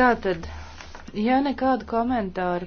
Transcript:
Tātad, ja nekādu komentāru